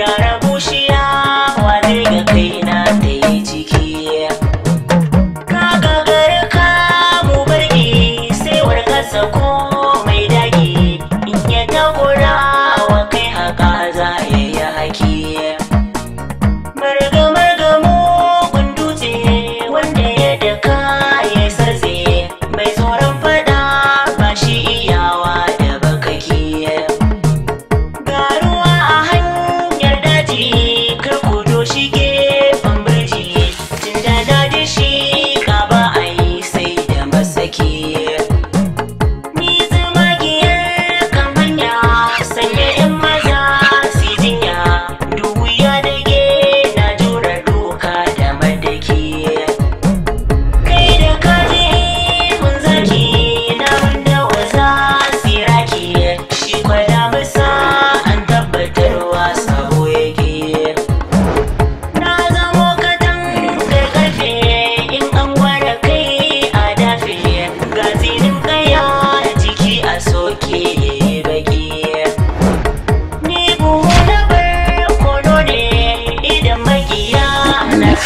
Yeah. she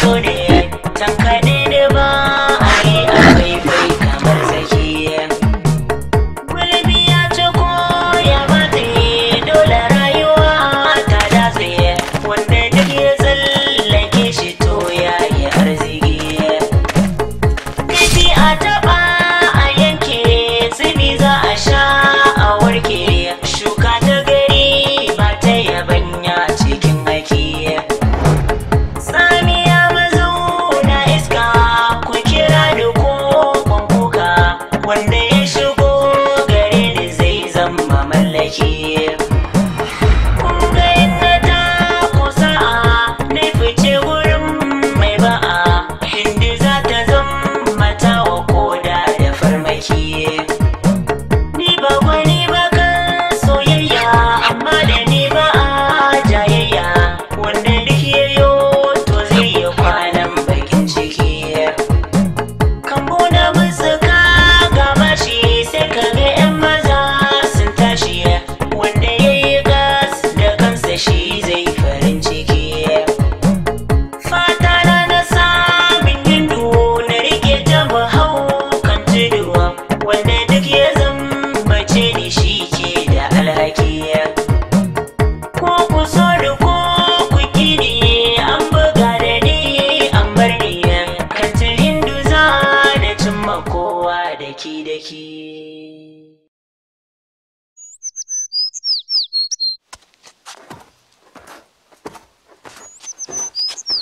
kore tankaɗe one day